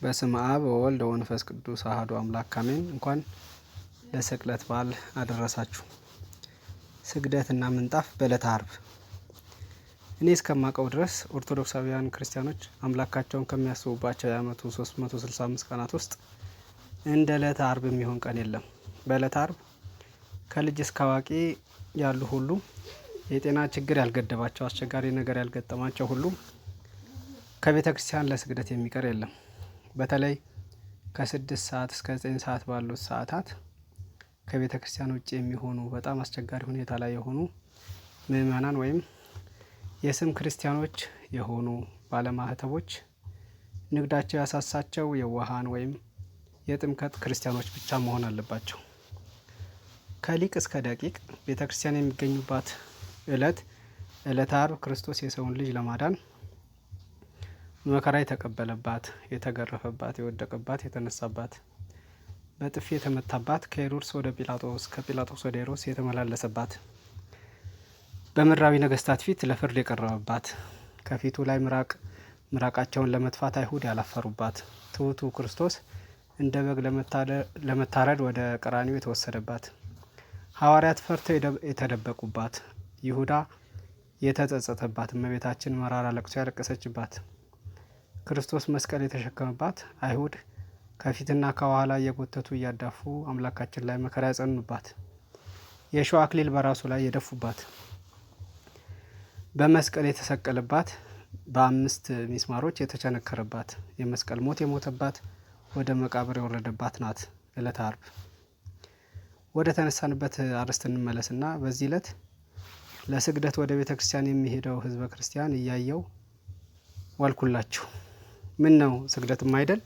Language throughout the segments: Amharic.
በስም አብ ወወልድ ወመንፈስ ቅዱስ አህዱ አምላክ አሜን። እንኳን ለስቅለት በዓል አደረሳችሁ። ስግደትና ምንጣፍ በዕለተ አርብ። እኔ እስከማውቀው ድረስ ኦርቶዶክሳዊያን ክርስቲያኖች አምላካቸውን ከሚያስቡባቸው የዓመቱ 365 ቀናት ውስጥ እንደ ዕለተ አርብ የሚሆን ቀን የለም። በዕለተ አርብ ከልጅ እስከ አዋቂ ያሉ ሁሉ የጤና ችግር ያልገደባቸው አስቸጋሪ ነገር ያልገጠማቸው ሁሉ ከቤተ ክርስቲያን ለስግደት የሚቀር የለም። በተለይ ከስድስት ሰዓት እስከ ዘጠኝ ሰዓት ባሉት ሰዓታት ከቤተ ክርስቲያን ውጭ የሚሆኑ በጣም አስቸጋሪ ሁኔታ ላይ የሆኑ ምእመናን ወይም የስም ክርስቲያኖች የሆኑ ባለማህተቦች ንግዳቸው ያሳሳቸው የዋሃን ወይም የጥምቀት ክርስቲያኖች ብቻ መሆን አለባቸው። ከሊቅ እስከ ደቂቅ ቤተ ክርስቲያን የሚገኙባት እለት እለተ አርብ ክርስቶስ የሰውን ልጅ ለማዳን መከራ የተቀበለባት የተገረፈባት የወደቀባት የተነሳባት በጥፊ የተመታባት ከሄሮድስ ወደ ጲላጦስ ከጲላጦስ ወደ ሄሮድስ የተመላለሰባት በምድራዊ ነገስታት ፊት ለፍርድ የቀረበባት ከፊቱ ላይ ምራቅ ምራቃቸውን ለመትፋት አይሁድ ያላፈሩባት ትሁቱ ክርስቶስ እንደ በግ ለመታረድ ወደ ቀራኒው የተወሰደባት ሐዋርያት ፈርተው የተደበቁባት ይሁዳ የተጸጸተባት እመቤታችን መራራ ለቅሶ ያለቀሰችባት ክርስቶስ መስቀል የተሸከመባት አይሁድ ከፊትና ከኋላ እየጎተቱ እያዳፉ አምላካችን ላይ መከራ ያጸኑባት፣ የሸዋ አክሊል በራሱ ላይ የደፉባት፣ በመስቀል የተሰቀለባት፣ በአምስት ሚስማሮች የተቸነከረባት፣ የመስቀል ሞት የሞተባት፣ ወደ መቃብር የወረደባት ናት ዕለተ አርብ። ወደ ተነሳንበት አርዕስት እንመለስና በዚህ ዕለት ለስግደት ወደ ቤተ ክርስቲያን የሚሄደው ህዝበ ክርስቲያን እያየው ዋልኩላችሁ። ምን ነው ስግደትም አይደል?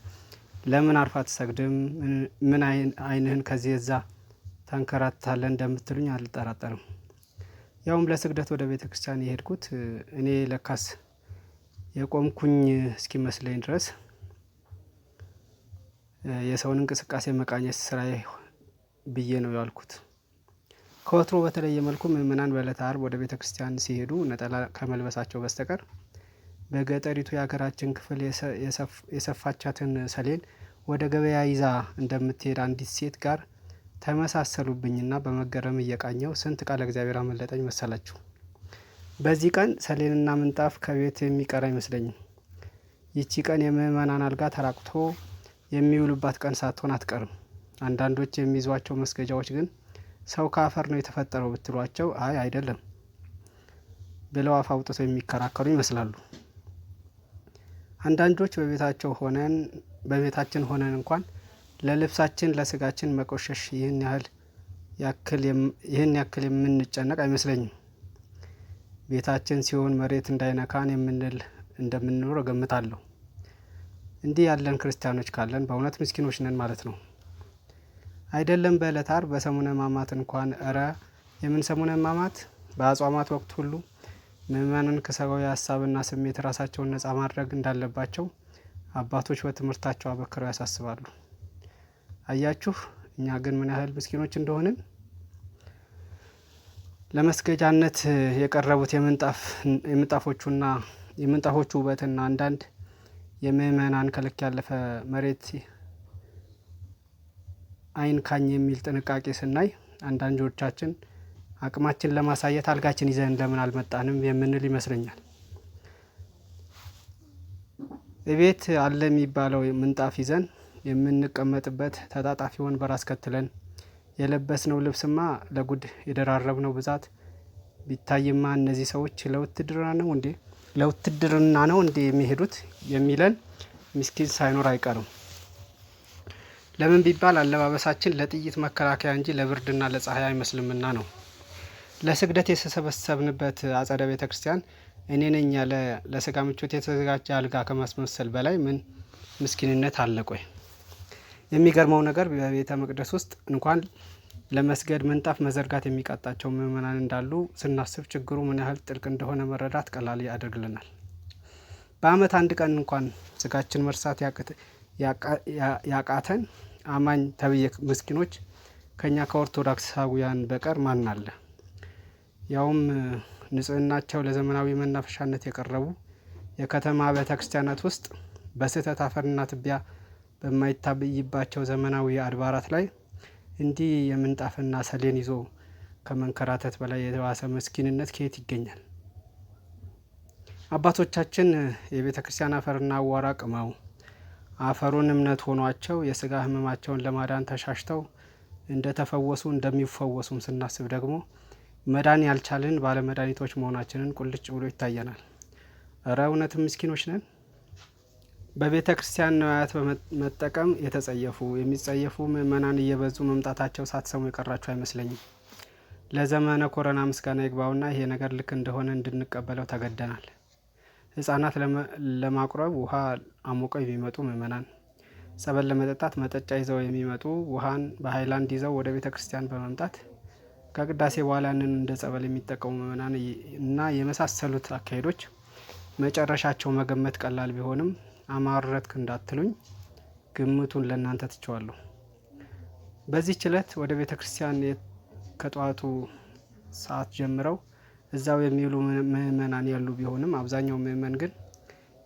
ለምን አርፋ አትሰግድም? ምን አይንህን ከዚህ የዛ ታንከራታለህ እንደምትሉኝ አልጠራጠርም። ያውም ለስግደት ወደ ቤተ ክርስቲያን የሄድኩት እኔ ለካስ የቆምኩኝ እስኪመስለኝ ድረስ የሰውን እንቅስቃሴ መቃኘት ስራዬ ብዬ ነው ያልኩት። ከወትሮ በተለየ መልኩ ምእመናን በዕለተ አርብ ወደ ቤተ ክርስቲያን ሲሄዱ ነጠላ ከመልበሳቸው በስተቀር በገጠሪቱ የሀገራችን ክፍል የሰፋቻትን ሰሌን ወደ ገበያ ይዛ እንደምትሄድ አንዲት ሴት ጋር ተመሳሰሉብኝና በመገረም እየቃኘው ስንት ቃለ እግዚአብሔር አመለጠኝ መሰላችሁ። በዚህ ቀን ሰሌንና ምንጣፍ ከቤት የሚቀር አይመስለኝም። ይቺ ቀን የምእመናን አልጋ ተራቅቶ የሚውሉባት ቀን ሳትሆን አትቀርም። አንዳንዶች የሚይዟቸው መስገጃዎች ግን ሰው ከአፈር ነው የተፈጠረው ብትሏቸው አይ አይደለም ብለው አፍ አውጥተው የሚከራከሩ ይመስላሉ። አንዳንዶች በቤታቸው ሆነን በቤታችን ሆነን እንኳን ለልብሳችን ለስጋችን መቆሸሽ ይህን ያህል ያክል ይህን ያክል የምንጨነቅ አይመስለኝም። ቤታችን ሲሆን መሬት እንዳይነካን የምንል እንደምንኖር እገምታለሁ። እንዲህ ያለን ክርስቲያኖች ካለን በእውነት ምስኪኖች ነን ማለት ነው። አይደለም በዕለት አርብ በሰሙነ ሕማማት እንኳን እረ የምን ሰሙነ ሕማማት በአጽዋማት ወቅት ሁሉ ምእመናን ከሰብአዊ ሀሳብና ስሜት ራሳቸውን ነፃ ማድረግ እንዳለባቸው አባቶች በትምህርታቸው አበክረው ያሳስባሉ። አያችሁ እኛ ግን ምን ያህል ምስኪኖች እንደሆንን። ለመስገጃነት የቀረቡት የምንጣፎቹና የምንጣፎቹ ውበትና አንዳንድ የምእመናን ከልክ ያለፈ መሬት አይንካኝ የሚል ጥንቃቄ ስናይ አንዳንዶቻችን አቅማችን ለማሳየት አልጋችን ይዘን ለምን አልመጣንም የምንል ይመስለኛል። እቤት አለ የሚባለው ምንጣፍ ይዘን የምንቀመጥበት ተጣጣፊ ወንበር አስከትለን የለበስነው ልብስማ ለጉድ የደራረብነው ብዛት ቢታይማ እነዚህ ሰዎች ለውትድርና ነው እንዴ ለውትድርና ነው እንዴ የሚሄዱት የሚለን ምስኪን ሳይኖር አይቀርም። ለምን ቢባል አለባበሳችን ለጥይት መከላከያ እንጂ ለብርድና ለፀሐይ አይመስልምና ነው። ለስግደት የተሰበሰብንበት አጸደ ቤተ ክርስቲያን እኔ ነኝ ያለ ለስጋ ምቾት የተዘጋጀ አልጋ ከማስመሰል በላይ ምን ምስኪንነት አለቆይ? የሚገርመው ነገር በቤተ መቅደስ ውስጥ እንኳን ለመስገድ ምንጣፍ መዘርጋት የሚቀጣቸው ምእመናን እንዳሉ ስናስብ ችግሩ ምን ያህል ጥልቅ እንደሆነ መረዳት ቀላል ያደርግልናል። በዓመት አንድ ቀን እንኳን ስጋችን መርሳት ያቃተን አማኝ ተብዬ ምስኪኖች ከእኛ ከኦርቶዶክሳውያን በቀር ማን አለ? ያውም ንጽህናቸው ለዘመናዊ መናፈሻነት የቀረቡ የከተማ አብያተ ክርስቲያናት ውስጥ በስህተት አፈርና ትቢያ በማይታበይባቸው ዘመናዊ አድባራት ላይ እንዲህ የምንጣፍና ሰሌን ይዞ ከመንከራተት በላይ የተዋሰ ምስኪንነት ከየት ይገኛል? አባቶቻችን የቤተ ክርስቲያን አፈርና አዋራ ቅመው አፈሩን እምነት ሆኗቸው የስጋ ህመማቸውን ለማዳን ተሻሽተው እንደተፈወሱ እንደሚፈወሱም ስናስብ ደግሞ መዳን ያልቻልን ባለመድኃኒቶች መሆናችንን ቁልጭ ብሎ ይታየናል። እረ እውነትም ምስኪኖች ነን። በቤተ ክርስቲያን ነዋያት በመጠቀም የተጸየፉ የሚጸየፉ ምእመናን እየበዙ መምጣታቸው ሳትሰሙ የቀራችሁ አይመስለኝም። ለዘመነ ኮረና ምስጋና ይግባውና ይሄ ነገር ልክ እንደሆነ እንድንቀበለው ተገደናል። ህጻናት ለማቁረብ ውሃ አሞቀው የሚመጡ ምእመናን ጸበል ለመጠጣት መጠጫ ይዘው የሚመጡ ውሃን በሀይላንድ ይዘው ወደ ቤተ ክርስቲያን በመምጣት ከቅዳሴ በኋላ ያንን እንደ ጸበል የሚጠቀሙ ምእመናን እና የመሳሰሉት አካሄዶች መጨረሻቸው መገመት ቀላል ቢሆንም አማረትክ እንዳትሉኝ ግምቱን ለእናንተ ትችዋለሁ። በዚህ ችለት ወደ ቤተ ክርስቲያን ከጠዋቱ ሰዓት ጀምረው እዛው የሚውሉ ምእመናን ያሉ ቢሆንም አብዛኛው ምእመን ግን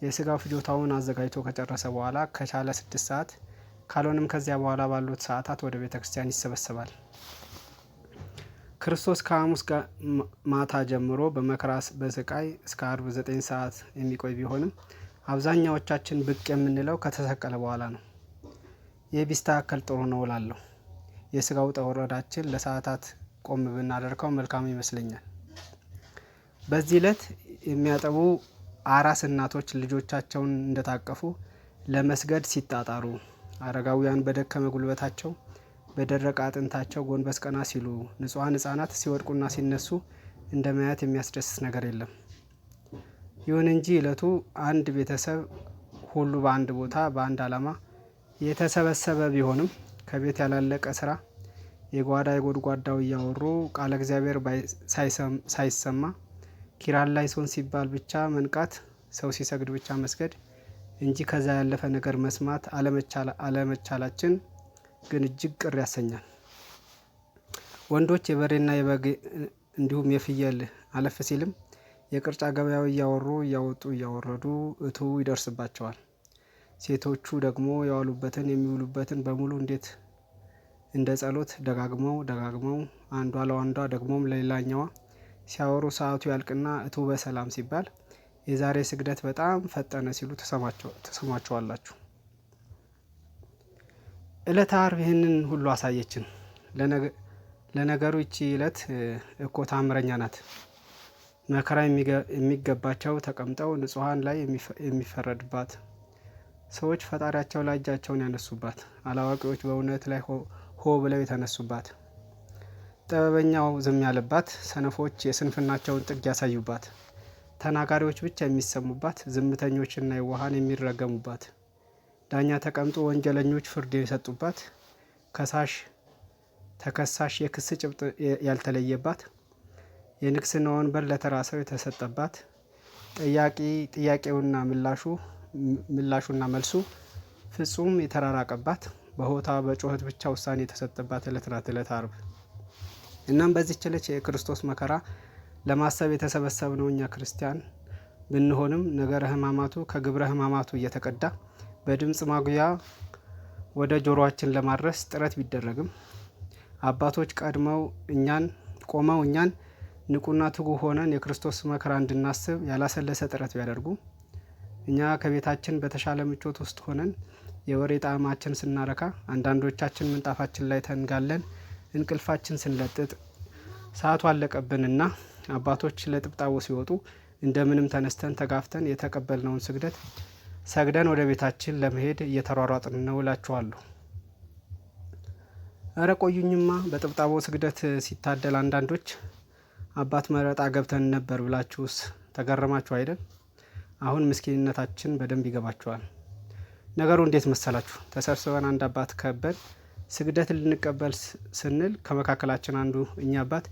የስጋ ፍጆታውን አዘጋጅቶ ከጨረሰ በኋላ ከቻለ ስድስት ሰዓት ካልሆነም ከዚያ በኋላ ባሉት ሰዓታት ወደ ቤተ ክርስቲያን ይሰበሰባል። ክርስቶስ ከሐሙስ ማታ ጀምሮ በመከራ በስቃይ እስከ አርብ ዘጠኝ ሰዓት የሚቆይ ቢሆንም አብዛኛዎቻችን ብቅ የምንለው ከተሰቀለ በኋላ ነው። ይህ ቢስተካከል ጥሩ ነው እላለሁ። የስጋው ጠወረዳችን ለሰዓታት ቆም ብናደርገው መልካም ይመስለኛል። በዚህ ዕለት የሚያጠቡ አራስ እናቶች ልጆቻቸውን እንደታቀፉ ለመስገድ ሲጣጣሩ፣ አረጋውያን በደከመ ጉልበታቸው በደረቀ አጥንታቸው ጎንበስ ቀና ሲሉ ንጹሐን ህጻናት ሲወድቁና ሲነሱ እንደ ማየት የሚያስደስት ነገር የለም። ይሁን እንጂ እለቱ አንድ ቤተሰብ ሁሉ በአንድ ቦታ በአንድ ዓላማ የተሰበሰበ ቢሆንም ከቤት ያላለቀ ስራ የጓዳ የጎድጓዳው እያወሩ ቃለ እግዚአብሔር ሳይሰማ ኪራን ላይ ሶን ሲባል ብቻ መንቃት፣ ሰው ሲሰግድ ብቻ መስገድ እንጂ ከዛ ያለፈ ነገር መስማት አለመቻላችን ግን እጅግ ቅር ያሰኛል። ወንዶች የበሬና የበግ እንዲሁም የፍየል አለፍ ሲልም የቅርጫ ገበያው እያወሩ እያወጡ እያወረዱ እቱ ይደርስባቸዋል። ሴቶቹ ደግሞ የዋሉበትን የሚውሉበትን በሙሉ እንዴት እንደ ጸሎት ደጋግመው ደጋግመው አንዷ ለአንዷ ደግሞም ለሌላኛዋ ሲያወሩ ሰዓቱ ያልቅና እቱ በሰላም ሲባል የዛሬ ስግደት በጣም ፈጠነ ሲሉ ተሰማችኋላችሁ። እለተ አርብ ይህንን ሁሉ አሳየችን። ለነገሩ ይቺ እለት እኮ ታምረኛ ናት። መከራ የሚገባቸው ተቀምጠው ንጹሐን ላይ የሚፈረድባት፣ ሰዎች ፈጣሪያቸው ላይ እጃቸውን ያነሱባት፣ አላዋቂዎች በእውነት ላይ ሆ ብለው የተነሱባት፣ ጥበበኛው ዝም ያለባት፣ ሰነፎች የስንፍናቸውን ጥግ ያሳዩባት፣ ተናጋሪዎች ብቻ የሚሰሙባት፣ ዝምተኞችና የዋሃን የሚረገሙባት ዳኛ ተቀምጦ ወንጀለኞች ፍርድ የሰጡባት፣ ከሳሽ ተከሳሽ የክስ ጭብጥ ያልተለየባት፣ የንግስና ወንበር ሰው የተሰጠባት፣ ጥያቄውና ምላሹ ምላሹና መልሱ ፍጹም የተራራቀባት በሆታ በጩኸት ብቻ ውሳኔ የተሰጠባት እለት ናት እለት አርብ። እናም በዚህ ችለች የክርስቶስ መከራ ለማሰብ ነው እኛ ክርስቲያን ብንሆንም ነገረ ህማማቱ ከግብረ ህማማቱ እየተቀዳ በድምፅ ማጉያ ወደ ጆሮአችን ለማድረስ ጥረት ቢደረግም አባቶች ቀድመው እኛን ቆመው እኛን ንቁና ትጉ ሆነን የክርስቶስ መከራ እንድናስብ ያላሰለሰ ጥረት ቢያደርጉ እኛ ከቤታችን በተሻለ ምቾት ውስጥ ሆነን የወሬ ጣዕማችን ስናረካ፣ አንዳንዶቻችን ምንጣፋችን ላይ ተንጋለን እንቅልፋችን ስንለጥጥ ሰዓቱ አለቀብንና አባቶች ለጥብጣቡ ሲወጡ እንደምንም ተነስተን ተጋፍተን የተቀበልነውን ስግደት ሰግደን ወደ ቤታችን ለመሄድ እየተሯሯጥን ነው እላችኋለሁ። እረ ቆዩኝማ። በጥብጣቦ ስግደት ሲታደል አንዳንዶች አባት መረጣ ገብተን ነበር ብላችሁስ ተገረማችሁ አይደል? አሁን ምስኪንነታችን በደንብ ይገባችኋል። ነገሩ እንዴት መሰላችሁ? ተሰብስበን አንድ አባት ከበን ስግደት ልንቀበል ስንል ከመካከላችን አንዱ እኛ አባት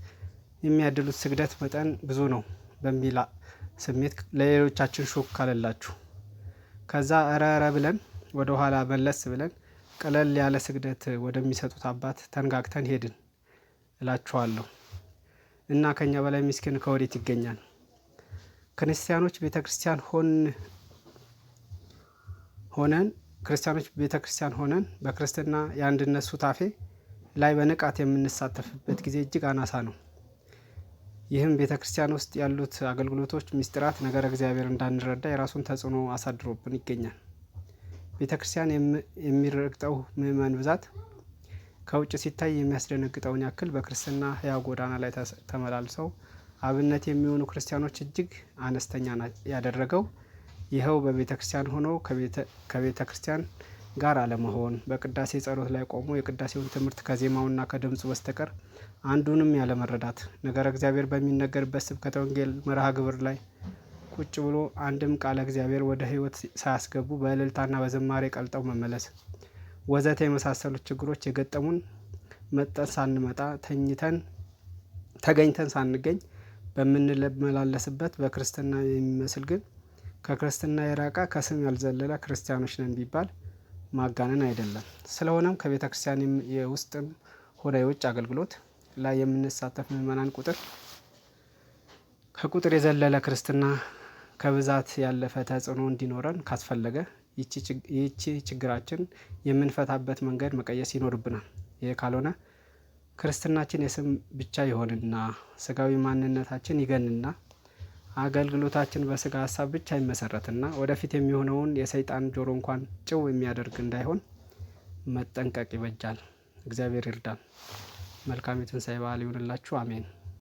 የሚያድሉት ስግደት መጠን ብዙ ነው በሚል ስሜት ለሌሎቻችን ሾክ አለላችሁ። ከዛ እረ ብለን ወደ ኋላ መለስ ብለን ቀለል ያለ ስግደት ወደሚሰጡት አባት ተንጋግተን ሄድን እላችኋለሁ። እና ከኛ በላይ ምስኪን ከወዴት ይገኛል? ክርስቲያኖች ቤተ ክርስቲያን ሆን ሆነን ክርስቲያኖች ቤተ ክርስቲያን ሆነን በክርስትና የአንድነት ሱታፌ ላይ በንቃት የምንሳተፍበት ጊዜ እጅግ አናሳ ነው። ይህም ቤተ ክርስቲያን ውስጥ ያሉት አገልግሎቶች ምስጢራት ነገረ እግዚአብሔር እንዳንረዳ የራሱን ተጽዕኖ አሳድሮብን ይገኛል። ቤተ ክርስቲያን የሚረግጠው ምዕመን ብዛት ከውጭ ሲታይ የሚያስደነግጠውን ያክል በክርስትና ህያ ጎዳና ላይ ተመላልሰው አብነት የሚሆኑ ክርስቲያኖች እጅግ አነስተኛ ያደረገው ይኸው በቤተ ክርስቲያን ሆኖ ከቤተ ክርስቲያን ጋር አለመሆን በቅዳሴ ጸሎት ላይ ቆሞ የቅዳሴውን ትምህርት ከዜማውና ከድምፁ በስተቀር አንዱንም ያለመረዳት ነገረ እግዚአብሔር በሚነገርበት ስብከተ ወንጌል መርሃ ግብር ላይ ቁጭ ብሎ አንድም ቃለ እግዚአብሔር ወደ ሕይወት ሳያስገቡ በእልልታና በዝማሬ ቀልጠው መመለስ ወዘተ የመሳሰሉት ችግሮች የገጠሙን መጠን ሳንመጣ ተኝተን ተገኝተን ሳንገኝ በምንመላለስበት በክርስትና የሚመስል ግን ከክርስትና የራቀ ከስም ያልዘለለ ክርስቲያኖች ነን ቢባል ማጋነን አይደለም። ስለሆነም ከቤተ ክርስቲያን የውስጥም ሆነ የውጭ አገልግሎት ላይ የምንሳተፍ ምዕመናን ቁጥር ከቁጥር የዘለለ ክርስትና ከብዛት ያለፈ ተጽዕኖ እንዲኖረን ካስፈለገ ይቺ ችግራችን የምንፈታበት መንገድ መቀየስ ይኖርብናል። ይህ ካልሆነ ክርስትናችን የስም ብቻ ይሆንና ስጋዊ ማንነታችን ይገንና አገልግሎታችን በስጋ ሀሳብ ብቻ ይመሰረትና ወደፊት የሚሆነውን የሰይጣን ጆሮ እንኳን ጭው የሚያደርግ እንዳይሆን መጠንቀቅ ይበጃል። እግዚአብሔር ይርዳን። መልካም የትንሳኤ በዓል ይሁንላችሁ። አሜን